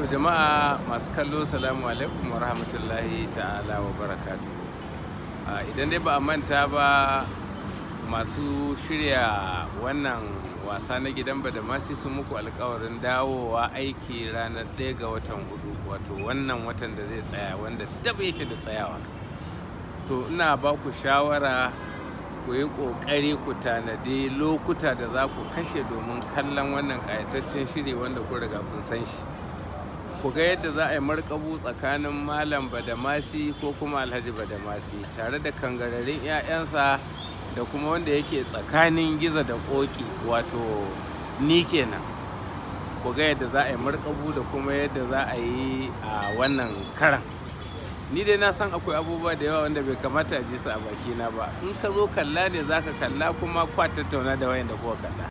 To jama'a masu kallo salamu alaikum wa rahmatullahi ta'ala wa barakatu. Idan dai ba a manta ba masu shirya wannan wasa na gidan badamasi sun muku alkawarin dawowa aiki ranar ɗaya ga watan hudu wato wannan watan da zai tsaya wanda dab yake da tsayawa. To ina ba ku shawara ku yi ƙoƙari ku tanadi lokuta da za ku kashe domin kallon wannan ƙayataccen shiri wanda ku riga kun san shi. ku ga yadda za a yi markabu tsakanin malam badamasi ko kuma alhaji badamasi tare da kangararin 'ya'yansa da kuma wanda yake tsakanin giza da koki wato ni kenan ku ga yadda za a yi markabu da kuma yadda za a yi a wannan karan ni dai na san akwai abubuwa da yawa wanda bai kamata a ji su a bakina ba in ka zo kalla ne za ka kalla kuma kwa tattauna da wayan da kuwa kalla